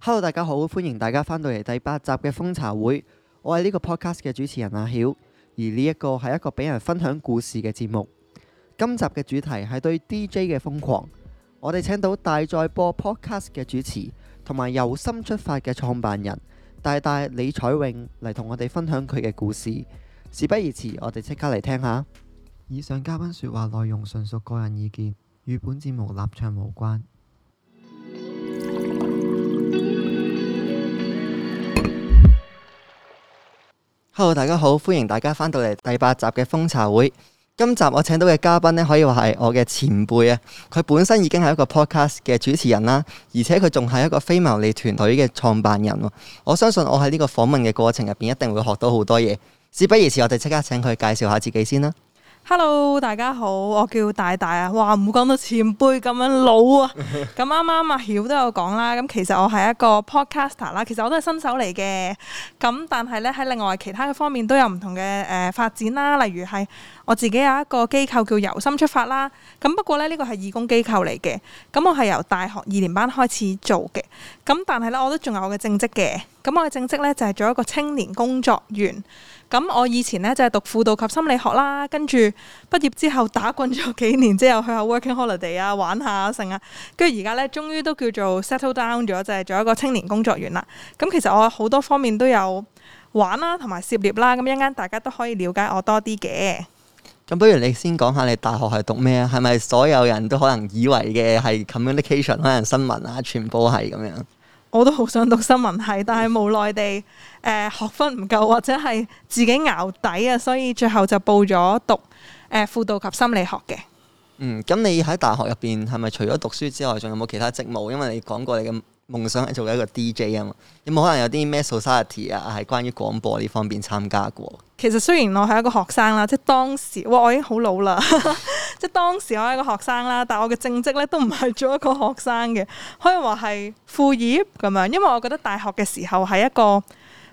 Hello，大家好，歡迎大家返到嚟第八集嘅《風茶會》，我係呢個 podcast 嘅主持人阿曉，而呢一個係一個俾人分享故事嘅節目。今集嘅主題係對 DJ 嘅瘋狂，我哋請到大在播 podcast 嘅主持，同埋郵心出發嘅創辦人大大李采穎嚟同我哋分享佢嘅故事。事不宜遲，我哋即刻嚟聽聽下。以上嘉賓說話內容純屬個人意見，與本節目立場無關。Hello，大家好，歡迎大家返到嚟第八集嘅瘋茶會。今集我請到嘅嘉賓呢，可以話係我嘅前輩啊。佢本身已經係一個 podcast 嘅主持人啦，而且佢仲係一個非牟利團隊嘅創辦人。我相信我喺呢個訪問嘅過程入邊，一定會學到好多嘢。事不宜遲，我哋即刻請佢介紹下自己先啦。Hello，大家好，我叫大大啊！哇，唔好講到前輩咁樣老啊！咁啱啱阿曉都有講啦，咁其實我係一個 podcaster 啦，其實我都係新手嚟嘅。咁但係咧，喺另外其他嘅方面都有唔同嘅誒發展啦，例如係我自己有一個機構叫郵心出發啦。咁不過咧，呢個係義工機構嚟嘅。咁我係由大學二年班開始做嘅。咁但係咧，我都仲有我嘅正職嘅。咁我嘅正職咧，就係做一個青年工作員。咁我以前咧就係讀輔導及心理學啦，跟住畢業之後打滾咗幾年之後去下 working holiday 啊玩下剩啊，跟住而家咧終於都叫做 settle down 咗，就係做一個青年工作員啦。咁其實我好多方面都有玩啦，同埋涉獵啦，咁一陣間大家都可以了解我多啲嘅。咁不如你先講下你大學係讀咩啊？係咪所有人都可能以為嘅係 communication 可能新聞啊，全部係咁樣？我都好想讀新聞系，但係無奈地，誒、呃、學分唔夠，或者係自己淆底啊，所以最後就報咗讀誒輔、呃、導及心理學嘅。嗯，咁你喺大學入邊係咪除咗讀書之外，仲有冇其他職務？因為你講過你嘅。夢想係做一個 DJ 啊嘛，有冇可能有啲咩 society 啊，係關於廣播呢方面參加過？其實雖然我係一個學生啦，即係當時哇，我已經好老啦， 即係當時我係一個學生啦，但係我嘅正職咧都唔係做一個學生嘅，可以話係副業咁樣，因為我覺得大學嘅時候係一個。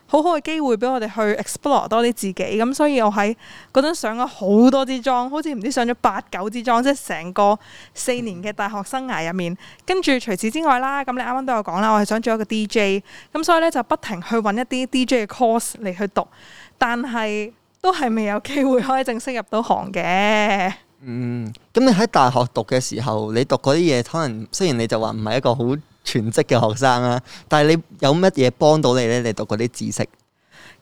好好嘅機會俾我哋去 explore 多啲自己，咁所以我喺嗰陣上咗好多支莊，好似唔知上咗八九支莊，即係成個四年嘅大學生涯入面。跟住除此之外啦，咁你啱啱都有講啦，我係想做一個 DJ，咁所以呢就不停去揾一啲 DJ 嘅 course 嚟去讀，但係都係未有機會可以正式入到行嘅。嗯，咁你喺大學讀嘅時候，你讀嗰啲嘢，可能雖然你就話唔係一個好。全職嘅學生啦，但係你有乜嘢幫到你呢？你讀嗰啲知識，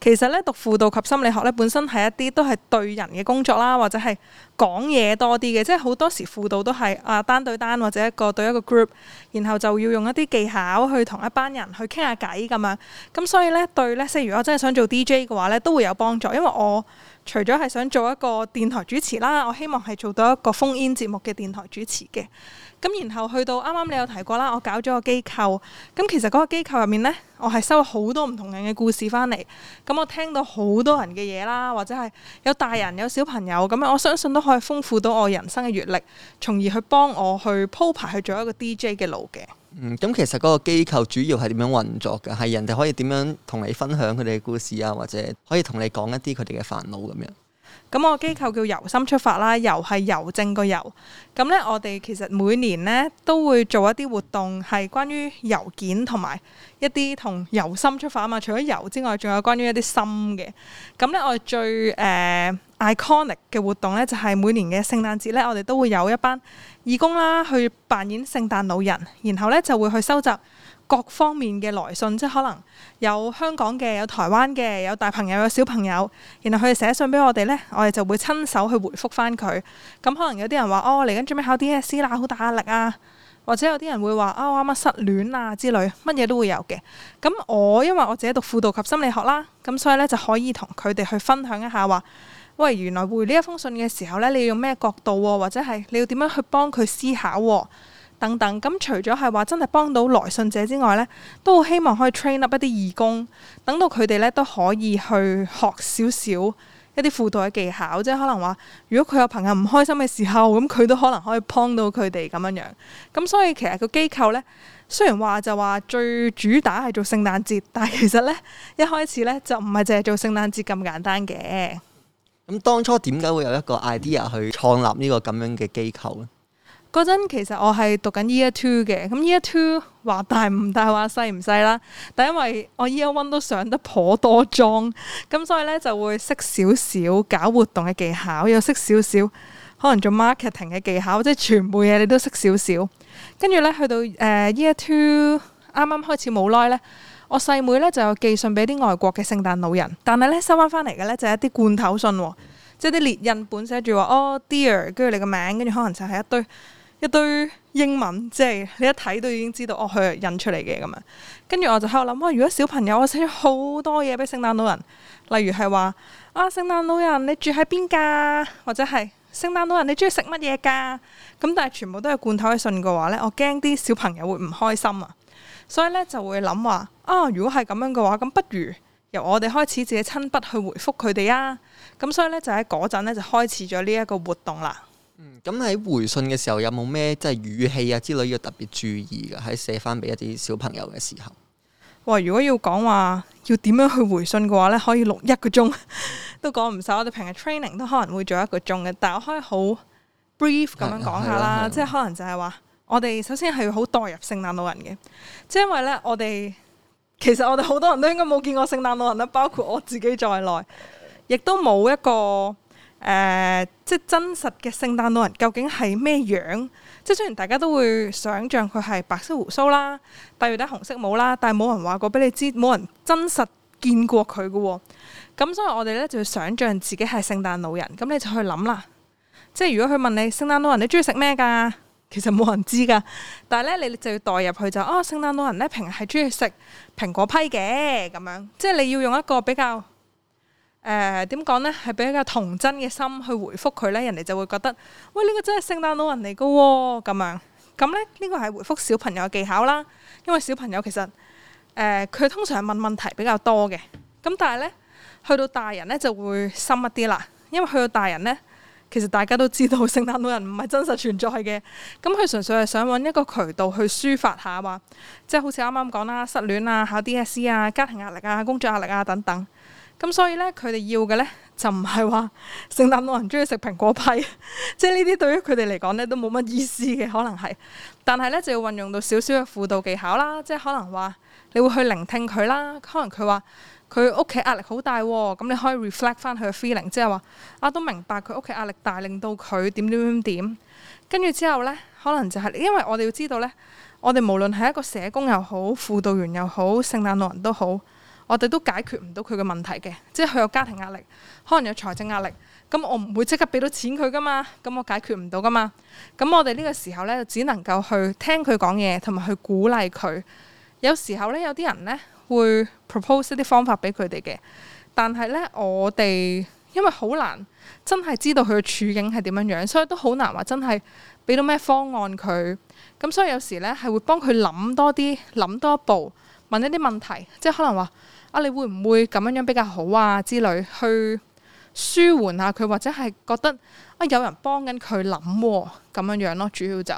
其實咧讀輔導及心理學咧，本身係一啲都係對人嘅工作啦，或者係。講嘢多啲嘅，即係好多時輔導都係啊，單對單或者一個對一個 group，然後就要用一啲技巧去同一班人去傾下偈咁樣。咁所以呢對呢，即係如果真係想做 DJ 嘅話呢，都會有幫助，因為我除咗係想做一個電台主持啦，我希望係做到一個烽煙節目嘅電台主持嘅。咁然後去到啱啱你有提過啦，我搞咗個機構，咁其實嗰個機構入面呢，我係收好多唔同人嘅故事翻嚟，咁我聽到好多人嘅嘢啦，或者係有大人有小朋友咁樣，我相信都。可以豐富到我人生嘅閱歷，從而去幫我去鋪排去做一個 DJ 嘅路嘅。嗯，嗯，咁其實嗰個機構主要係點樣運作嘅？係人哋可以點樣同你分享佢哋嘅故事啊，或者可以同你講一啲佢哋嘅煩惱咁樣？咁我個機構叫郵心出發啦，郵係郵政個郵。咁呢，我哋其實每年呢都會做一啲活動，係關於郵件同埋一啲同郵心出發啊嘛。除咗郵之外，仲有關於一啲心嘅。咁呢，我哋最誒 iconic 嘅活動呢，就係、是、每年嘅聖誕節呢，我哋都會有一班義工啦，去扮演聖誕老人，然後呢就會去收集。各方面嘅來信，即係可能有香港嘅，有台灣嘅，有大朋友，有小朋友，然後佢哋寫信俾我哋呢，我哋就會親手去回覆翻佢。咁可能有啲人話：哦，嚟緊準備考 DSE 啦，好大壓力啊！或者有啲人會話：啊、哦，我啱啱失戀啊之類，乜嘢都會有嘅。咁我因為我自己讀輔導及心理學啦，咁所以呢就可以同佢哋去分享一下話：喂，原來回呢一封信嘅時候呢，你要用咩角度，或者係你要點樣去幫佢思考？等等咁，嗯，除咗係話真係幫到來信者之外呢，都好希望可以 train up 一啲義工，等到佢哋呢都可以去學少少一啲輔導嘅技巧，即係可能話如果佢有朋友唔開心嘅時候，咁，嗯，佢都可能可以幫到佢哋咁樣樣。咁，嗯，所以其實個機構呢，雖然話就話最主打係做聖誕節，但係其實呢一開始呢就唔係淨係做聖誕節咁簡單嘅。咁當初點解會有一個 idea 去創立呢個咁樣嘅機構呢？嗰陣其實我係讀緊 year two 嘅，咁 year two 話大唔大話細唔細啦，但因為我 year one 都上得頗多裝，咁所以咧就會識少少搞活動嘅技巧，又識少少可能做 marketing 嘅技巧，即係全部嘢你都識少少。跟住咧去到誒、uh, year two 啱啱開始冇耐咧，我細妹咧就有寄信俾啲外國嘅聖誕老人，但係咧收翻翻嚟嘅咧就係一啲罐頭信，即係啲列印本寫住話哦 Dear，跟住你個名，跟住可能就係一堆。一堆英文，即係你一睇都已經知道哦，佢係印出嚟嘅咁樣。跟住我就喺度諗，哇！如果小朋友我寫咗好多嘢俾聖誕老人，例如係話啊，聖誕老人你住喺邊噶，或者係聖誕老人你中意食乜嘢噶？咁但係全部都係罐頭嘅信嘅話呢，我驚啲小朋友會唔開心啊。所以呢就會諗話，啊，如果係咁樣嘅話，咁不如由我哋開始自己親筆去回覆佢哋啊。咁所以呢，就喺嗰陣呢，就開始咗呢一個活動啦。咁喺回信嘅時候有冇咩，即係語氣啊之類要特別注意嘅？喺寫翻俾一啲小朋友嘅時候，哇！如果要講話要點樣去回信嘅話咧，可以錄一個鐘都講唔晒。我哋平日 training 都可能會做一個鐘嘅，但我可以好 brief 咁樣講下啦，即係可能就係話我哋首先係要好代入聖誕老人嘅。即係因為咧我哋其實我哋好多人都應該冇見過聖誕老人啦，包括我自己在內，亦都冇一個。誒、呃，即係真實嘅聖誕老人究竟係咩樣？即係雖然大家都會想像佢係白色鬍鬚啦，戴住底紅色帽啦，但係冇人話過俾你知，冇人真實見過佢嘅喎。咁所以我哋咧就要想像自己係聖誕老人，咁你就去諗啦。即係如果佢問你聖誕老人你中意食咩㗎？其實冇人知㗎。但係咧，你就要代入去就哦，聖誕老人咧平日係中意食蘋果批嘅咁樣。即係你要用一個比較。誒，點講咧？係比較童真嘅心去回覆佢呢，人哋就會覺得，喂，呢、這個真係聖誕老人嚟噶、哦，咁樣咁咧，呢、這個係回覆小朋友嘅技巧啦。因為小朋友其實，佢、呃、通常係問問題比較多嘅。咁但係呢，去到大人呢就會深一啲啦。因為去到大人呢，其實大家都知道聖誕老人唔係真實存在嘅。咁佢純粹係想揾一個渠道去抒發下，嘛，即係好似啱啱講啦，失戀啊，考 DSE 啊，家庭壓力啊，工作壓力啊等等。咁所以咧，佢哋要嘅咧，就唔係話聖誕老人中意食蘋果批， 即係呢啲對於佢哋嚟講咧都冇乜意思嘅，可能係。但係咧就要運用到少少嘅輔導技巧啦，即係可能話你會去聆聽佢啦，可能佢話佢屋企壓力好大，哦，咁你可以 reflect 翻佢嘅 feeling，即係話啊都明白佢屋企壓力大，令到佢點點點點，跟住之後咧，可能就係、是，因為我哋要知道咧，我哋無論係一個社工又好，輔導員又好，聖誕老人都好。我哋都解決唔到佢嘅問題嘅，即係佢有家庭壓力，可能有財政壓力，咁我唔會即刻俾到錢佢噶嘛，咁我解決唔到噶嘛。咁我哋呢個時候咧，只能夠去聽佢講嘢，同埋去鼓勵佢。有時候咧，有啲人咧會 propose 一啲方法俾佢哋嘅，但係咧我哋因為好難真係知道佢嘅處境係點樣樣，所以都好難話真係俾到咩方案佢。咁所以有時咧係會幫佢諗多啲，諗多一步。問一啲問題，即係可能話啊，你會唔會咁樣樣比較好啊之類，去舒緩下佢，或者係覺得啊有人幫緊佢諗咁樣樣咯，主要就，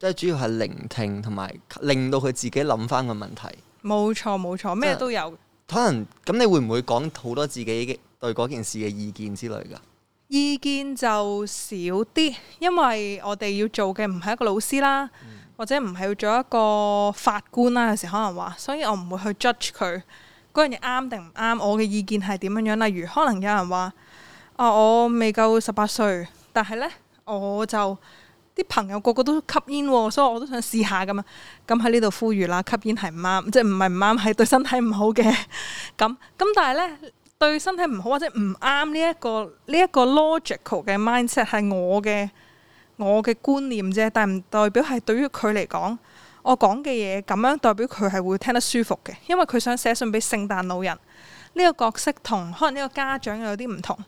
即係主要係聆聽同埋令到佢自己諗翻個問題。冇錯冇錯，咩都有。可能咁你會唔會講好多自己對嗰件事嘅意見之類噶？意見就少啲，因為我哋要做嘅唔係一個老師啦。嗯或者唔係要做一個法官啦，有時可能話，所以我唔會去 judge 佢嗰樣嘢啱定唔啱。我嘅意見係點樣樣？例如，可能有人話：啊、哦，我未夠十八歲，但係呢，我就啲朋友個個都吸煙，所以我都想試下咁啊。咁喺呢度呼籲啦，吸煙係唔啱，即係唔係唔啱，係對身體唔好嘅。咁咁，但係呢，對身體唔好或者唔啱呢一個呢一個 logical 嘅 mindset 係我嘅。我嘅觀念啫，但唔代表係對於佢嚟講，我講嘅嘢咁樣代表佢係會聽得舒服嘅，因為佢想寫信俾聖誕老人呢個角色，同可能呢個家長有啲唔同。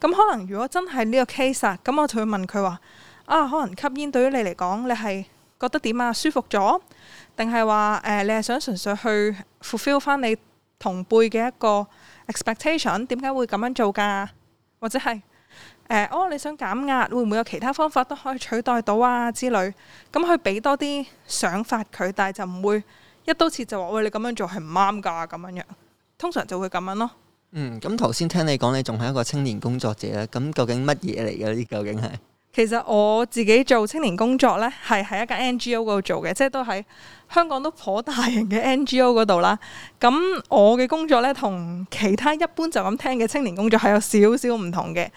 咁可能如果真係呢個 case 啊咁，我就會問佢話：啊，可能吸煙對於你嚟講，你係覺得點啊？舒服咗，定係話誒？你係想純粹去 fulfill 翻你同輩嘅一個 expectation？點解會咁樣做㗎？或者係？誒，哦，你想減壓，會唔會有其他方法都可以取代到啊之類？咁佢俾多啲想法佢，但係就唔會一刀切就話喂、哎，你咁樣做係唔啱噶咁樣樣。通常就會咁樣咯。嗯，咁頭先聽你講，你仲係一個青年工作者咧。咁究竟乜嘢嚟嘅呢？究竟係其實我自己做青年工作呢，係喺一間 NGO 度做嘅，即係都喺香港都頗大型嘅 NGO 度啦。咁我嘅工作呢，同其他一般就咁聽嘅青年工作係有少少唔同嘅。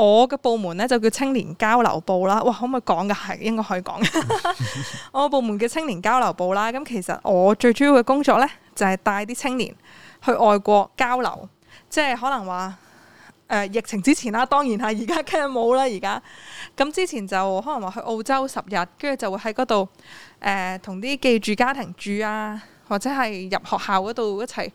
我嘅部門咧就叫青年交流部啦，哇，可唔可以講嘅？係應該可以講。 我部門叫青年交流部啦，咁其實我最主要嘅工作呢，就係帶啲青年去外國交流，即係可能話、呃、疫情之前啦，當然係而家梗係冇啦，而家咁之前就可能話去澳洲十日，跟住就會喺嗰度誒同啲寄住家庭住啊，或者係入學校嗰度一齊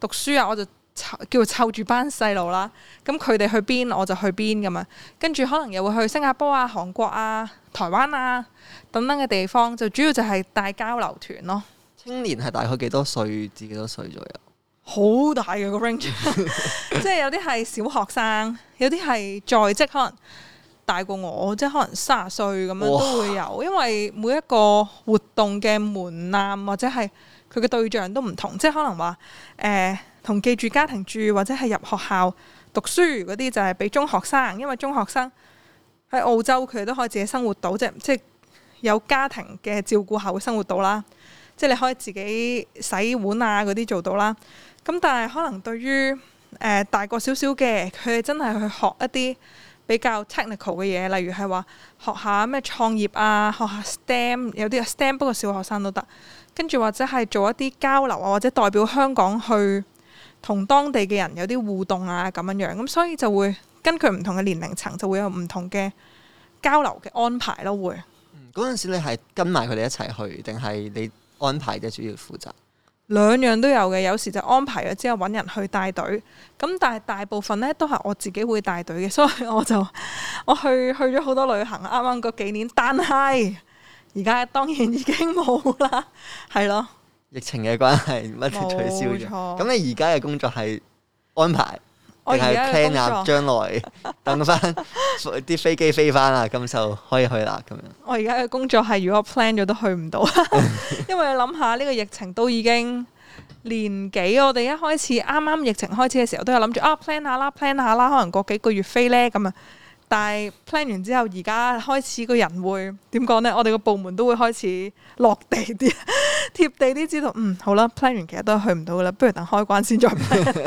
讀書啊，我就。叫湊住班細路啦，咁佢哋去邊我就去邊咁啊。跟住可能又會去新加坡啊、韓國啊、台灣啊等等嘅地方，就主要就係帶交流團咯。青年係大概幾多歲至幾多歲左右？好大嘅個 range，即係有啲係小學生，有啲係在職，可能大過我，即係可能卅歲咁樣哇都會有。因為每一個活動嘅門檻或者係佢嘅對象都唔同，即係可能話誒。呃同記住家庭住或者係入學校讀書嗰啲就係俾中學生，因為中學生喺澳洲佢哋都可以自己生活到啫，即係有家庭嘅照顧下會生活到啦。即係你可以自己洗碗啊嗰啲做到啦。咁但係可能對於、呃、大個少少嘅，佢真係去學一啲比較 technical 嘅嘢，例如係話學下咩創業啊，學下 STEM 有啲 STEM，不過小學生都得，跟住或者係做一啲交流啊，或者代表香港去。同當地嘅人有啲互動啊，咁樣樣咁，所以就會根據唔同嘅年齡層，就會有唔同嘅交流嘅安排咯啊。會。嗯，嗰陣時，你係跟埋佢哋一齊去，定係你安排嘅主要負責？兩樣都有嘅，有時就安排咗之後揾人去帶隊，咁但係大部分呢，都係我自己會帶隊嘅，所以我就我去去咗好多旅行。啱啱嗰幾年，但係而家當然已經冇啦，係咯。疫情嘅關係，乜都取消咗。咁錯你而家嘅工作係安排，定係 plan 下將來等翻啲飛機飛翻啦？咁 就可以去啦，咁樣。我而家嘅工作係如果 plan 咗都去唔到， 因為諗下呢個疫情都已經年幾？我哋一開始啱啱疫情開始嘅時候，都有諗住：「啊 plan 下啦 plan 下啦，可能過幾個月飛呢。」咁啊。但係 plan 完之後，而家開始個人會點講呢？我哋個部門都會開始落地啲、貼地啲，知道嗯好啦。plan 完其實都係去唔到噶啦，不如等開關先再 plan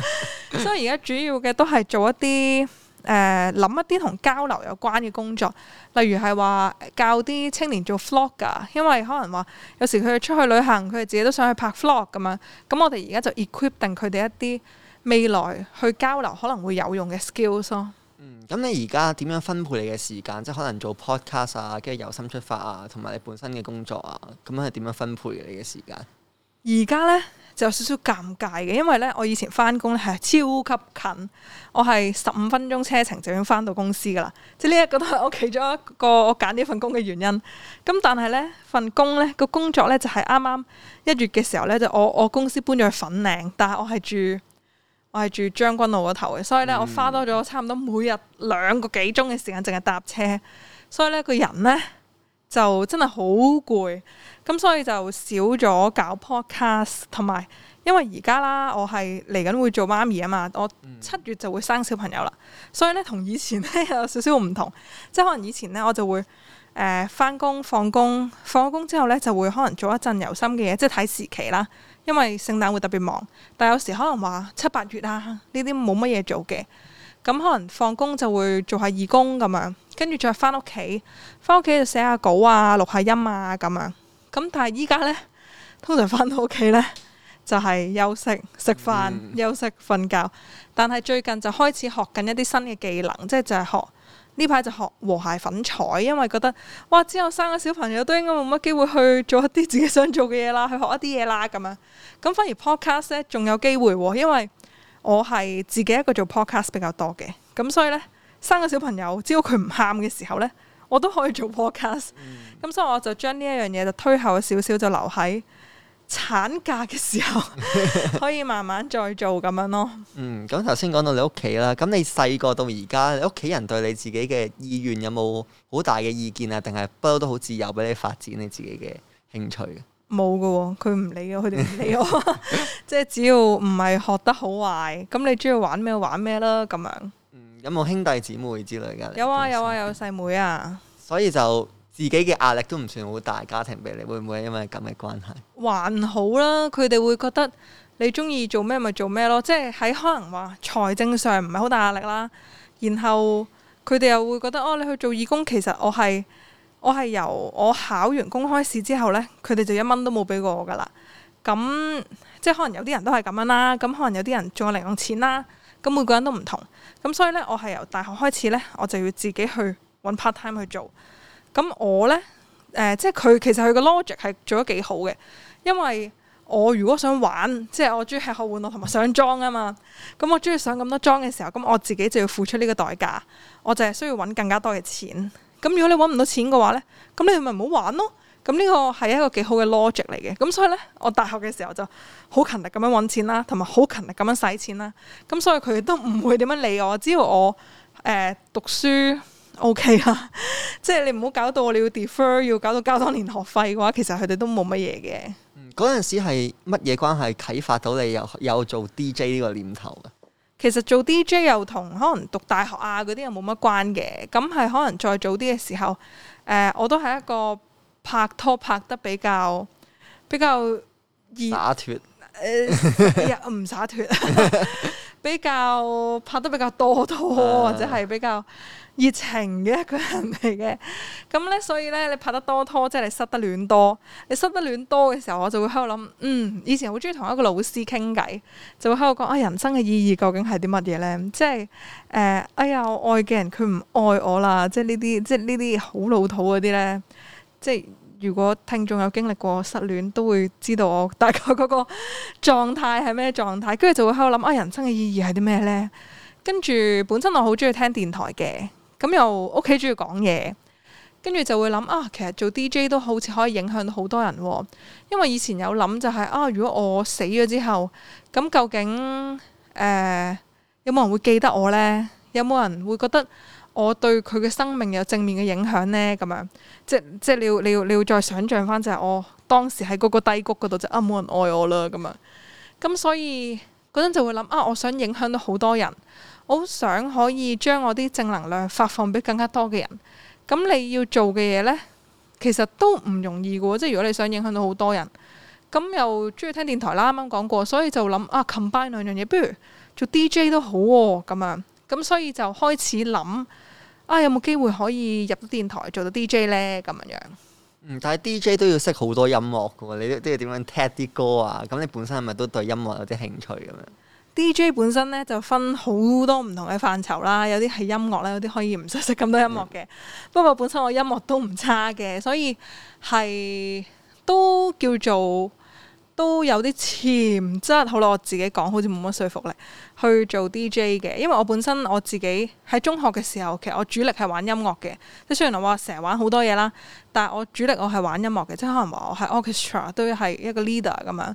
所以而家主要嘅都係做一啲誒諗一啲同交流有關嘅工作，例如係話教啲青年做 vlogger，因為可能話有時佢哋出去旅行，佢哋自己都想去拍 vlog 咁樣。咁我哋而家就 equip 定佢哋一啲未來去交流可能會有用嘅 skills 咯。嗯，咁你而家點樣分配你嘅時間？即係可能做 podcast 啊，跟住郵心出發啊，同埋你本身嘅工作啊，咁樣係點樣分配你嘅時間？而家呢，就有少少尷尬嘅，因為呢，我以前翻工咧係超級近，我係十五分鐘車程就已經翻到公司噶啦。即係呢一個都係我其中一個我揀呢份工嘅原因。咁但係呢份工呢個工作呢，就係啱啱一月嘅時候呢，就我我公司搬咗去粉嶺，但係我係住。我係住將軍澳個頭嘅，所以咧、嗯、我花多咗差唔多每日兩個幾鐘嘅時間淨係搭車，所以咧個人咧就真係好攰，咁所以就少咗搞 Podcast，同埋因為而家啦，我係嚟緊會做媽咪啊嘛，我七月就會生小朋友啦，嗯、所以咧同以前咧有少少唔同，即係可能以前咧我就會誒翻工放工，放、呃、工之後咧就會可能做一陣郵心嘅嘢，即係睇時期啦。因為聖誕會特別忙，但有時可能話七八月啊呢啲冇乜嘢做嘅，咁可能放工就會做下義工咁樣，跟住再返屋企，返屋企就寫下稿啊、錄下音啊咁樣。咁但係依家呢，通常返到屋企呢，就係休息、食飯、休息、瞓覺。但係最近就開始學緊一啲新嘅技能，即係就係學。呢排就學和諧粉彩，因為覺得哇，之後生個小朋友都應該冇乜機會去做一啲自己想做嘅嘢啦，去學一啲嘢啦咁樣。咁反而 podcast 咧仲有機會喎、哦，因為我係自己一個做 podcast 比較多嘅，咁所以呢，生個小朋友，只要佢唔喊嘅時候呢，我都可以做 podcast。咁、嗯、所以我就將呢一樣嘢就推後少少，就留喺產假嘅時候 可以慢慢再做咁樣咯。嗯，咁頭先講到你屋企啦，咁你細個到而家，你屋企人對你自己嘅意願有冇好大嘅意見啊？定係不嬲都好自由俾你發展你自己嘅興趣？冇噶。哦，佢唔理我，佢哋唔理我。即係只要唔係學得好壞，咁你中意玩咩玩咩啦，咁樣。嗯，有冇兄弟姊妹之類噶？有啊，嗯，有啊，有細、啊、妹啊。所以就。自己嘅壓力都唔算好大，家庭俾你會唔會因為咁嘅關係？還好啦，佢哋會覺得你鍾意做咩咪做咩咯，即係喺可能話財政上唔係好大壓力啦。然後佢哋又會覺得哦，你去做義工，其實我係我係由我考完公開試之後呢，佢哋就一蚊都冇俾過我噶啦。咁即係可能有啲人都係咁樣啦。咁可能有啲人仲有零用錢啦。咁每個人都唔同。咁所以呢，我係由大學開始呢，我就要自己去揾 part time 去做。咁我呢，誒、呃，即係佢其實佢個 logic 係做得幾好嘅，因為我如果想玩，即係我中意吃喝玩樂同埋上莊啊嘛，咁我中意上咁多莊嘅時候，咁我自己就要付出呢個代價，我就係需要搵更加多嘅錢。咁如果你搵唔到錢嘅話呢，咁你咪唔好玩咯。咁呢個係一個幾好嘅 logic 嚟嘅。咁所以呢，我大學嘅時候就好勤力咁樣搵錢啦，同埋好勤力咁樣使錢啦。咁所以佢都唔會點樣理我，只要我誒、呃、讀書。O K 啊，Okay. 即係你唔好搞到我哋要 defer，要搞到交多年學費嘅話，其實佢哋都冇乜嘢嘅。嗰陣、嗯、時係乜嘢關係啟發到你有有做 D J 呢個念頭嘅？其實做 D J 又同可能讀大學啊嗰啲又冇乜關嘅，咁係可能再早啲嘅時候，誒、呃，我都係一個拍拖拍得比較比較易脱，誒唔灑脫脫。比較拍得比較多拖，或者係比較熱情嘅一個人嚟嘅。咁咧，所以咧，你拍得多拖，即係你失得戀多。你失得戀多嘅時候，我就會喺度諗，嗯，以前好中意同一個老師傾偈，就會喺度講啊，人生嘅意義究竟係啲乜嘢咧？即係誒、呃，哎呀，我愛嘅人佢唔愛我啦，即係呢啲，即係呢啲好老土嗰啲咧，即係。如果聽眾有經歷過失戀，都會知道我大概嗰個狀態係咩狀態，跟住就會喺度諗啊，人生嘅意義係啲咩呢？跟住本身我好中意聽電台嘅，咁又屋企中意講嘢，跟住就會諗啊，其實做 DJ 都好似可以影響到好多人喎。因為以前有諗就係啊，如果我死咗之後，咁究竟，呃，有冇人會記得我呢？有冇人會覺得？我對佢嘅生命有正面嘅影響呢，咁樣，即即你要你要你要再想像翻，就係我當時喺嗰個低谷嗰度，就啊冇人愛我啦咁樣，咁所以嗰陣就會諗啊，我想影響到好多人，我好想可以將我啲正能量發放俾更加多嘅人。咁你要做嘅嘢呢，其實都唔容易嘅喎。即如果你想影響到好多人，咁又中意聽電台啦，啱啱講過，所以就諗啊，combine 兩樣嘢，不如做 DJ 都好喎咁樣。咁所以就開始諗。啊！有冇機會可以入到電台做到 DJ 呢？咁樣樣，嗯，但係 DJ 都要識好多音樂嘅，你都要點樣聽啲歌啊？咁你本身係咪都對音樂有啲興趣咁樣？DJ 本身咧就分好多唔同嘅範疇啦，有啲係音樂啦，有啲可以唔使識咁多音樂嘅。嗯、不過本身我音樂都唔差嘅，所以係都叫做。都有啲潛質，好啦，我自己講好似冇乜說服力，去做 DJ 嘅，因為我本身我自己喺中學嘅時候，其實我主力係玩音樂嘅，即雖然我話成日玩好多嘢啦，但係我主力我係玩音樂嘅，即可能話我係 orchestra 都係一個 leader 咁樣，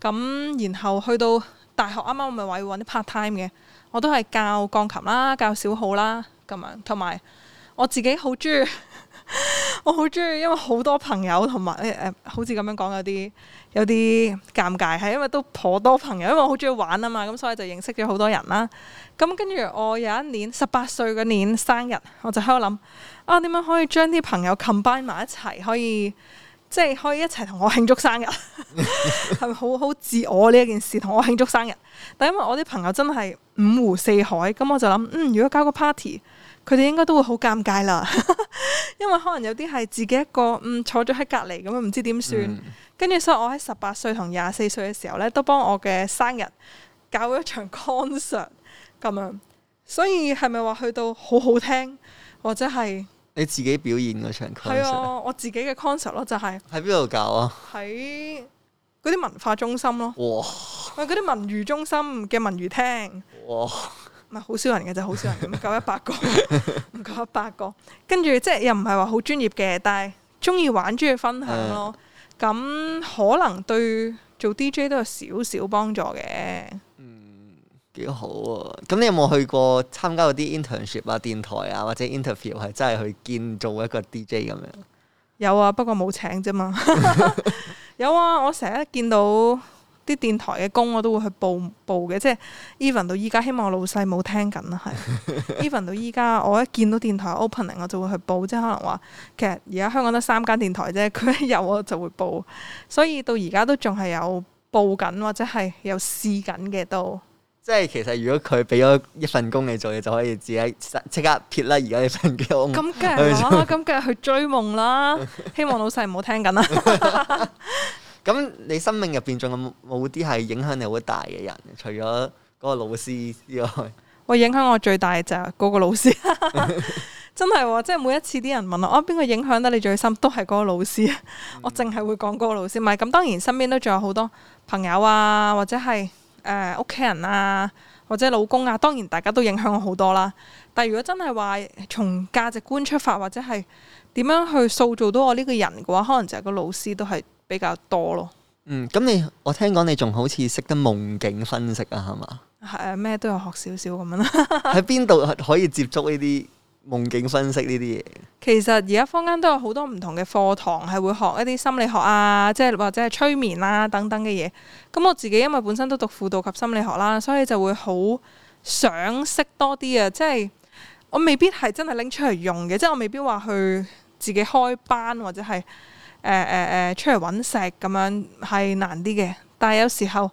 咁然後去到大學啱啱我咪話要揾啲 part time 嘅，我都係教鋼琴啦、教小號啦咁樣，同埋我自己好中意。我好中意，因為好多朋友同埋誒好似咁樣講有啲有啲尷尬，係因為都頗多朋友，因為我好中意玩啊嘛，咁所以就認識咗好多人啦。咁跟住我有一年十八歲嗰年生日，我就喺度諗啊，點樣可以將啲朋友 combine 埋一齊，可以即係、就是、可以一齊同我慶祝生日，係咪好好自我呢一件事同我慶祝生日？但係因為我啲朋友真係五湖四海，咁我就諗，嗯，如果交個 party，佢哋應該都會好尷尬啦。因為可能有啲係自己一個，嗯，坐咗喺隔籬咁樣，唔知點算。跟住所以我喺十八歲同廿四歲嘅時候呢，都幫我嘅生日搞咗一場 concert 咁樣。所以係咪話去到好好聽，或者係你自己表演嗰場 concert？係啊，我自己嘅 concert 咯。就係喺邊度搞啊？喺嗰啲文化中心咯。哇！嗰啲文娛中心嘅文娛廳。哇！唔係好少人嘅就好少人，咁夠一百個，唔夠一百個。跟住即係又唔係話好專業嘅，但係中意玩中意分享咯。咁、嗯、可能對做 DJ 都有少少幫助嘅。嗯，幾好啊！咁你有冇去過參加過啲 internship 啊電台啊或者 interview 係真係去見做一個 DJ 咁樣？有啊，不過冇請啫嘛。 有啊，我成日見到。啲電台嘅工我都會去報報嘅，即係 even 到依家，希望我老細冇聽緊啦。係 even 到依家，我一見到電台 opening，我就會去報，即係可能話其實而家香港得三間電台啫，佢一有我就會報，所以到而家都仲係有報緊或者係有試緊嘅都。即係其實如果佢俾咗一份工你做嘢，就可以自己即刻撇啦。而家呢份工咁梗係，咁梗係去追夢啦。 希望老細唔好聽緊啦。 咁你生命入邊仲有冇啲係影響你好大嘅人？除咗嗰個老師之外，我、欸、影響我最大就係嗰個老師， 真係、哦，即係每一次啲人問我，啊，邊個影響得你最深，都係嗰個老師。 我淨係會講嗰個老師。唔係、嗯，咁當然身邊都仲有好多朋友啊，或者係誒屋企人啊，或者老公啊。當然大家都影響我好多啦。但係如果真係話從價值觀出發，或者係點樣去塑造到我呢個人嘅話，可能就係個老師都係。比較多咯，嗯，咁你我聽講你仲好似識得夢境分析啊，係嘛？係啊，咩都有學少少咁樣啦。喺邊度可以接觸呢啲夢境分析呢啲嘢？其實而家坊間都有好多唔同嘅課堂，係會學一啲心理學啊，即係或者係催眠啦、啊、等等嘅嘢。咁我自己因為本身都讀輔導及心理學啦，所以就會好想識多啲啊！即係我未必係真係拎出嚟用嘅，即係我未必話去自己開班或者係。誒誒誒，出嚟揾食咁樣係難啲嘅，但係有時候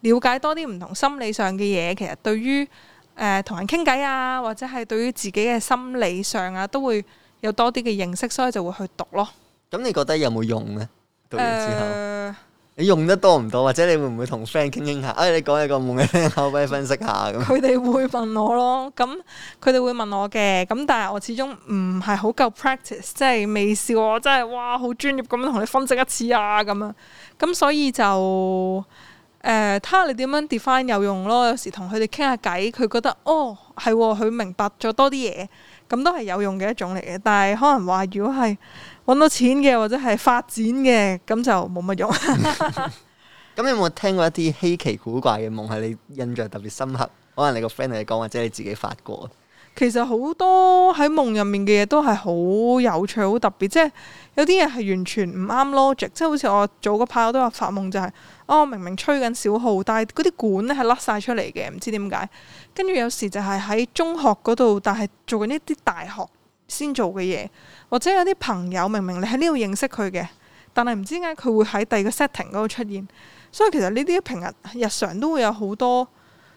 了解多啲唔同心理上嘅嘢，其實對於誒同、呃、人傾偈啊，或者係對於自己嘅心理上啊，都會有多啲嘅認識，所以就會去讀咯。咁、嗯、你覺得有冇用呢？讀完之後？呃你用得多唔多，或者你會唔會同 friend 傾傾下？哎，你講一個夢嘅傾偈俾你分析下咁。佢哋會問我咯，咁佢哋會問我嘅，咁但係我始終唔係好夠 practice，即係未試過。我真係，哇，好專業咁樣同你分析一次啊咁啊，咁所以就誒睇下你點樣 define 有用咯。有時同佢哋傾下偈，佢覺得哦係，佢明白咗多啲嘢。咁都係有用嘅一種嚟嘅，但係可能話如果係揾到錢嘅或者係發展嘅，咁就冇乜用。咁你有冇聽過一啲稀奇古怪嘅夢係你印象特別深刻？可能你個 friend 同你講，或者你自己發過。其實好多喺夢入面嘅嘢都係好有趣、好特別，即係有啲嘢係完全唔啱 logic，即係好似我早嗰排我都話發夢就係、是，哦明明吹緊小號，但係嗰啲管咧係甩晒出嚟嘅，唔知點解。跟住有時就係喺中學嗰度，但係做緊啲啲大學先做嘅嘢，或者有啲朋友明明你喺呢度認識佢嘅，但係唔知點解佢會喺第二個 setting 嗰度出現。所以其實呢啲平日日常都會有好多。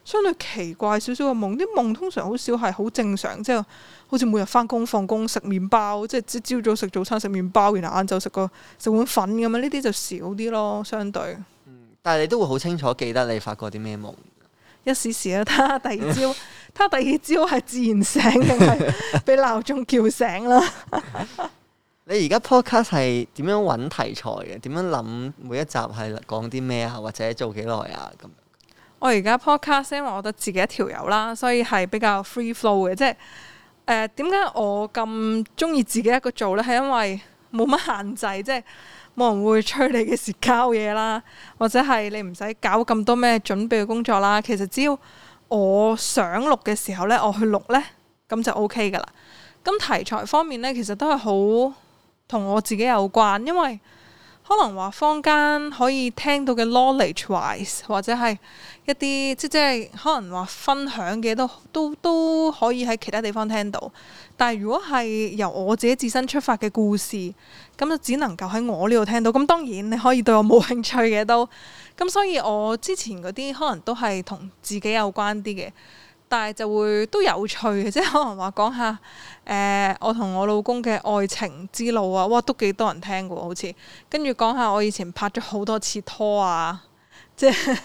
相對奇怪少少嘅夢，啲夢通常好少係好正常，即係好似每日翻工放工食麵包，即係朝早食早餐食麵包，然後晏晝食個食碗粉咁樣，呢啲就少啲咯，相對。嗯，但係你都會好清楚記得你發過啲咩夢。一時時啦，睇下第二朝，睇下第二朝係自然醒定係俾鬧鐘叫醒啦。你而家 podcast 係點樣揾題材嘅？點樣諗每一集係講啲咩啊？或者做幾耐啊？咁。我而家 podcast，因為我得自己一條友啦，所以係比較 free flow 嘅。即係誒點解我咁中意自己一個做呢？係因為冇乜限制，即係冇人會催你嘅時交嘢啦，或者係你唔使搞咁多咩準備嘅工作啦。其實只要我想錄嘅時候呢，我去錄呢，咁就 OK 噶啦。咁題材方面呢，其實都係好同我自己有關，因為。可能話坊間可以聽到嘅 knowledge wise 或者係一啲即即係可能話分享嘅都都都可以喺其他地方聽到，但係如果係由我自己自身出發嘅故事，咁就只能夠喺我呢度聽到。咁當然你可以對我冇興趣嘅都，咁所以我之前嗰啲可能都係同自己有關啲嘅。但係就會都有趣嘅，即係可能話講下誒我同我老公嘅愛情之路啊，哇都幾多人聽嘅喎，好似跟住講下我以前拍咗好多次拖啊，即係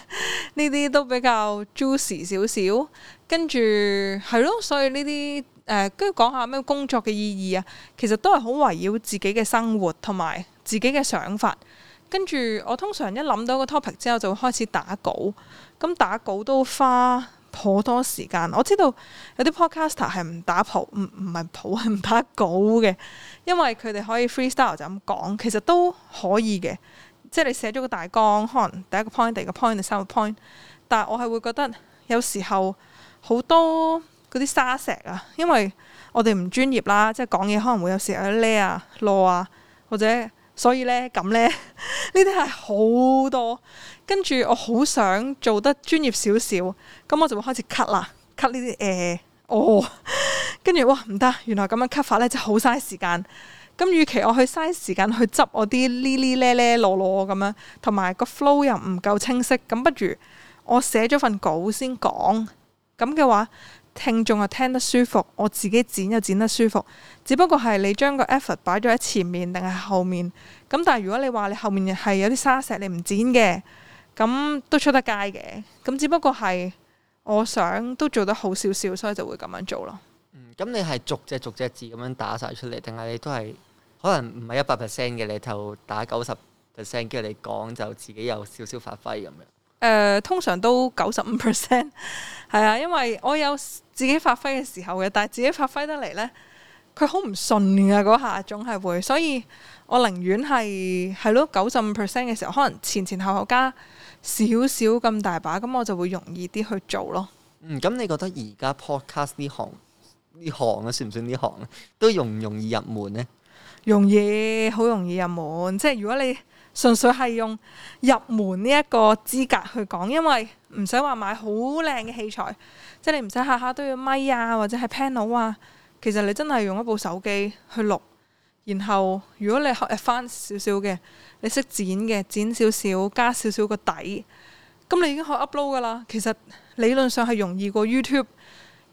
呢啲都比較 juicy 少少。跟住係咯，所以呢啲誒跟住講下咩工作嘅意義啊，其實都係好圍繞自己嘅生活同埋自己嘅想法。跟住我通常一諗到個 topic 之後就會開始打稿，咁打稿都花好多時間，我知道有啲 podcaster 係唔打譜，唔唔係譜係唔打稿嘅，因為佢哋可以 freestyle 就咁講，其實都可以嘅。即係你寫咗個大綱，可能第一個 point、第二個 point、第三個 point，但我係會覺得有時候好多嗰啲沙石啊，因為我哋唔專業啦，即係講嘢可能會有時有啲咧啊、攞啊或者。所以咧，咁咧呢啲係好多跟住我好想做得專業少少，咁我就會開始 cut 啦，cut 呢啲誒哦跟住哇唔得，原來咁樣 cut 法咧就好嘥時間。咁，與其我去嘥時間去執我啲哩哩咧咧囉囉咁樣，同埋個 flow 又唔夠清晰，咁不如我寫咗份稿先講咁嘅話。聽眾又聽得舒服，我自己剪又剪得舒服，只不過係你將個 effort 擺咗喺前面定係後面。咁但係如果你話你後面係有啲沙石你唔剪嘅，咁都出得街嘅。咁只不過係我想都做得好少少，所以就會咁樣做咯。嗯，咁你係逐隻逐隻字咁樣打晒出嚟，定係你都係可能唔係一百 percent 嘅，你就打九十 percent，跟住你講就自己有少少發揮咁樣？誒、呃，通常都九十五 percent 係啊，因為我有自己發揮嘅時候嘅，但係自己發揮得嚟呢，佢好唔順啊，嗰下，總係會，所以我寧願係係咯九十五 percent 嘅時候，可能前前後後加少少咁大把，咁我就會容易啲去做咯。嗯，咁你覺得而家 podcast 呢行，呢行啊，算唔算呢行啊？都容唔容易入門呢？容易，好容易入門。即係如果你。純粹係用入門呢一個資格去講，因為唔使話買好靚嘅器材，即係你唔使下下都要咪啊，或者係 panel 啊。其實你真係用一部手機去錄，然後如果你學翻少少嘅，你識剪嘅，剪少少加少少個底，咁你已經可以 upload 噶啦。其實理論上係容易過 YouTube，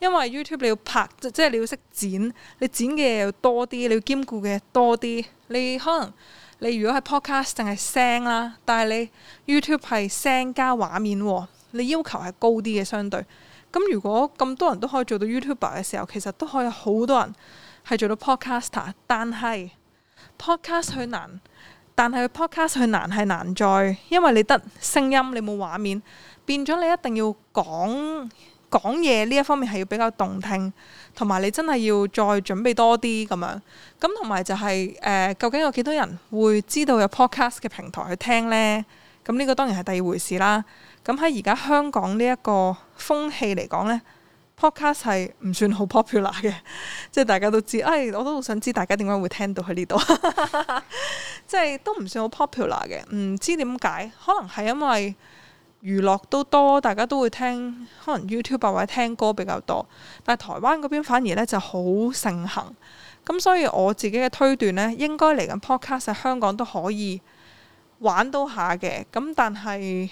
因為 YouTube 你要拍，即係你要識剪，你剪嘅又多啲，你要兼顧嘅多啲，你可能。你如果係 podcast 定係聲啦，但係你 YouTube 係聲加畫面，你要求係高啲嘅相對。咁如果咁多人都可以做到 YouTuber 嘅時候，其實都可以好多人係做到 podcaster。但係 podcast 佢難，但係 podcast 佢難係難在，因為你得聲音，你冇畫面，變咗你一定要講講嘢呢一方面係要比較動聽。同埋你真係要再準備多啲咁樣，咁同埋就係、是、誒、呃，究竟有幾多人會知道有 podcast 嘅平台去聽呢？咁、嗯、呢、呢個當然係第二回事啦。咁喺而家香港呢一個風氣嚟講呢 podcast 係唔算好 popular 嘅，即 係大家都知，哎，我都好想知大家點解會聽到喺呢度，即 係都唔算好 popular 嘅，唔知點解，可能係因為，娛樂都多，大家都會聽，可能 YouTube 或者聽歌比較多。但係台灣嗰邊反而呢就好盛行，咁所以我自己嘅推斷呢，應該嚟緊 Podcast 喺香港都可以玩到下嘅。咁但係誒、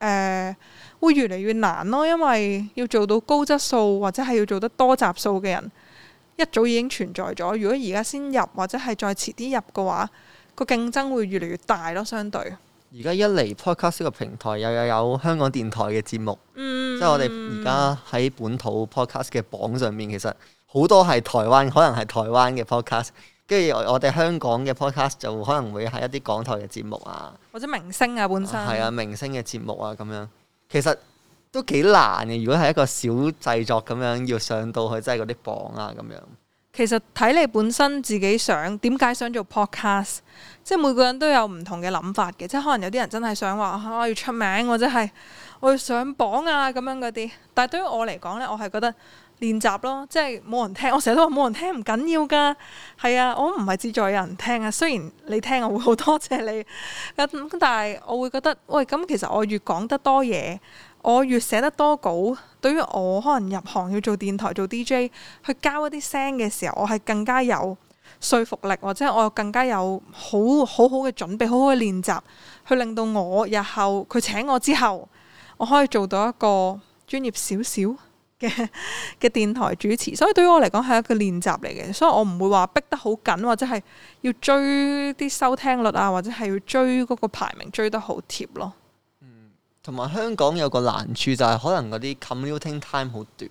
呃、會越嚟越難咯，因為要做到高質素或者係要做得多集數嘅人一早已經存在咗。如果而家先入或者係再遲啲入嘅話，個競爭會越嚟越大咯，相對。而家一嚟 podcast 個平台，又有香港電台嘅節目，嗯、即係我哋而家喺本土 podcast 嘅榜上面，其實好多係台灣，可能係台灣嘅 podcast，跟住我我哋香港嘅 podcast 就可能會係一啲港台嘅節目啊，或者明星啊本身，係啊明星嘅節目啊咁樣，其實都幾難嘅。如果係一個小製作咁樣，要上到去即係嗰啲榜啊咁樣。其實睇你本身自己想點解想做 podcast，即係每個人都有唔同嘅諗法嘅，即係可能有啲人真係想話、啊、我要出名，或者係我要上榜啊咁樣嗰啲。但係對於我嚟講呢，我係覺得練習咯，即係冇人聽，我成日都話冇人聽唔緊要噶，係啊，我唔係志在有人聽啊。雖然你聽我會好多謝你，咁但係我會覺得喂，咁其實我越講得多嘢。我越寫得多稿，對於我可能入行要做電台做 DJ 去交一啲聲嘅時候，我係更加有說服力，或者我更加有好好好嘅準備，好好嘅練習，去令到我日後佢請我之後，我可以做到一個專業少少嘅嘅電台主持。所以對於我嚟講係一個練習嚟嘅，所以我唔會話逼得好緊，或者係要追啲收聽率啊，或者係要追嗰個排名追得好貼咯。同埋香港有個難處就係可能嗰啲 commuting time 好短，誒、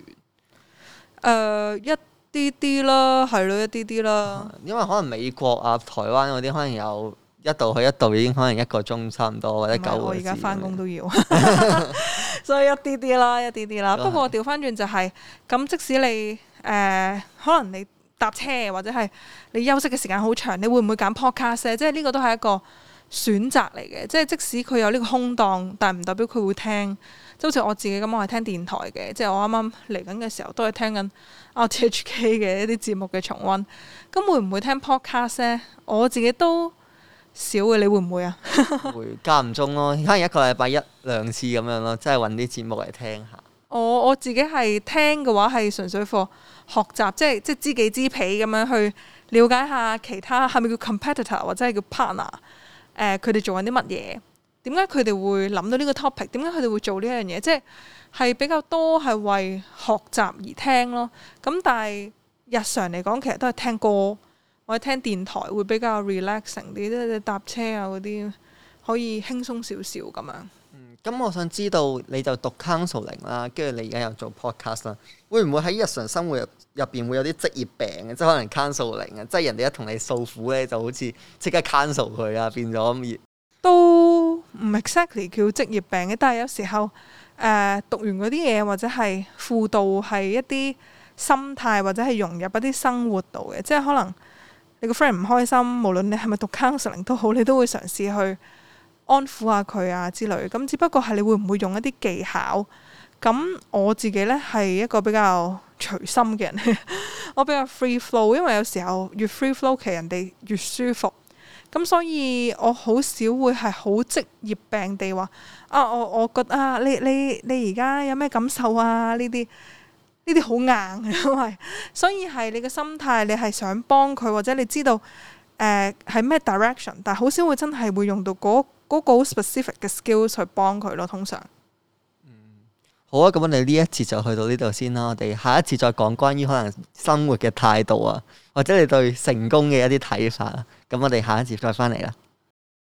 呃、一啲啲啦，係咯一啲啲啦、啊。因為可能美國啊、台灣嗰啲可能有一度去一度已經可能一個鐘差唔多或者九個。我而家翻工都要， 所以一啲啲啦，一啲啲啦。 不過調翻轉就係、是、咁，即使你誒、呃、可能你搭車或者係你休息嘅時間好長，你會唔會揀 Podcast？即係呢個都係一個。選擇嚟嘅，即係即使佢有呢個空檔，但唔代表佢會聽。即好似我自己咁，我係聽電台嘅。即係我啱啱嚟緊嘅時候，都係聽緊 RTHK 嘅一啲節目嘅重溫。咁會唔會聽 podcast 咧？我自己都少嘅，你會唔會啊？ 會間唔中咯，可能一個禮拜一兩次咁樣咯，即係揾啲節目嚟聽下。我我自己係聽嘅話係純粹課學習，即係即係知己知彼咁樣去了解下其他係咪叫 competitor 或者係叫 partner。誒佢哋做緊啲乜嘢？點解佢哋會諗到呢個 topic？點解佢哋會做呢樣嘢？即係係比較多係為學習而聽咯。咁但係日常嚟講，其實都係聽歌，或者聽電台會比較 relaxing 啲，即係搭車啊嗰啲可以輕鬆少少咁樣。咁我想知道，你就讀 counselling 啦，跟住你而家又做 podcast 啦，會唔會喺日常生活入邊會有啲職業病嘅？即係可能 counselling 啊，即係人哋一同你訴苦咧，就好似即刻 counsel 佢啊，變咗咁熱。都唔 exactly 叫職業病嘅，但係有時候誒、呃、讀完嗰啲嘢或者係輔導係一啲心態或者係融入一啲生活度嘅，即係可能你個 friend 唔開心，無論你係咪讀 counselling 都好，你都會嘗試去。安撫下佢啊，之類咁，只不過係你會唔會用一啲技巧？咁我自己呢係一個比較隨心嘅人， 我比較 free flow，因為有時候越 free flow，其實人哋越舒服。咁所以我好少會係好職業病地話啊，我我覺得啊，你你你而家有咩感受啊？呢啲呢啲好硬，因 為所以係你嘅心態，你係想幫佢，或者你知道誒係咩 direction，但係好少會真係會用到嗰、那個。嗰個好 specific 嘅 skills 去幫佢咯，通常，嗯，好啊，咁我哋呢一節就去到呢度先啦，我哋下一節再講關於可能生活嘅態度啊，或者你對成功嘅一啲睇法啦，咁我哋下一節再翻嚟啦。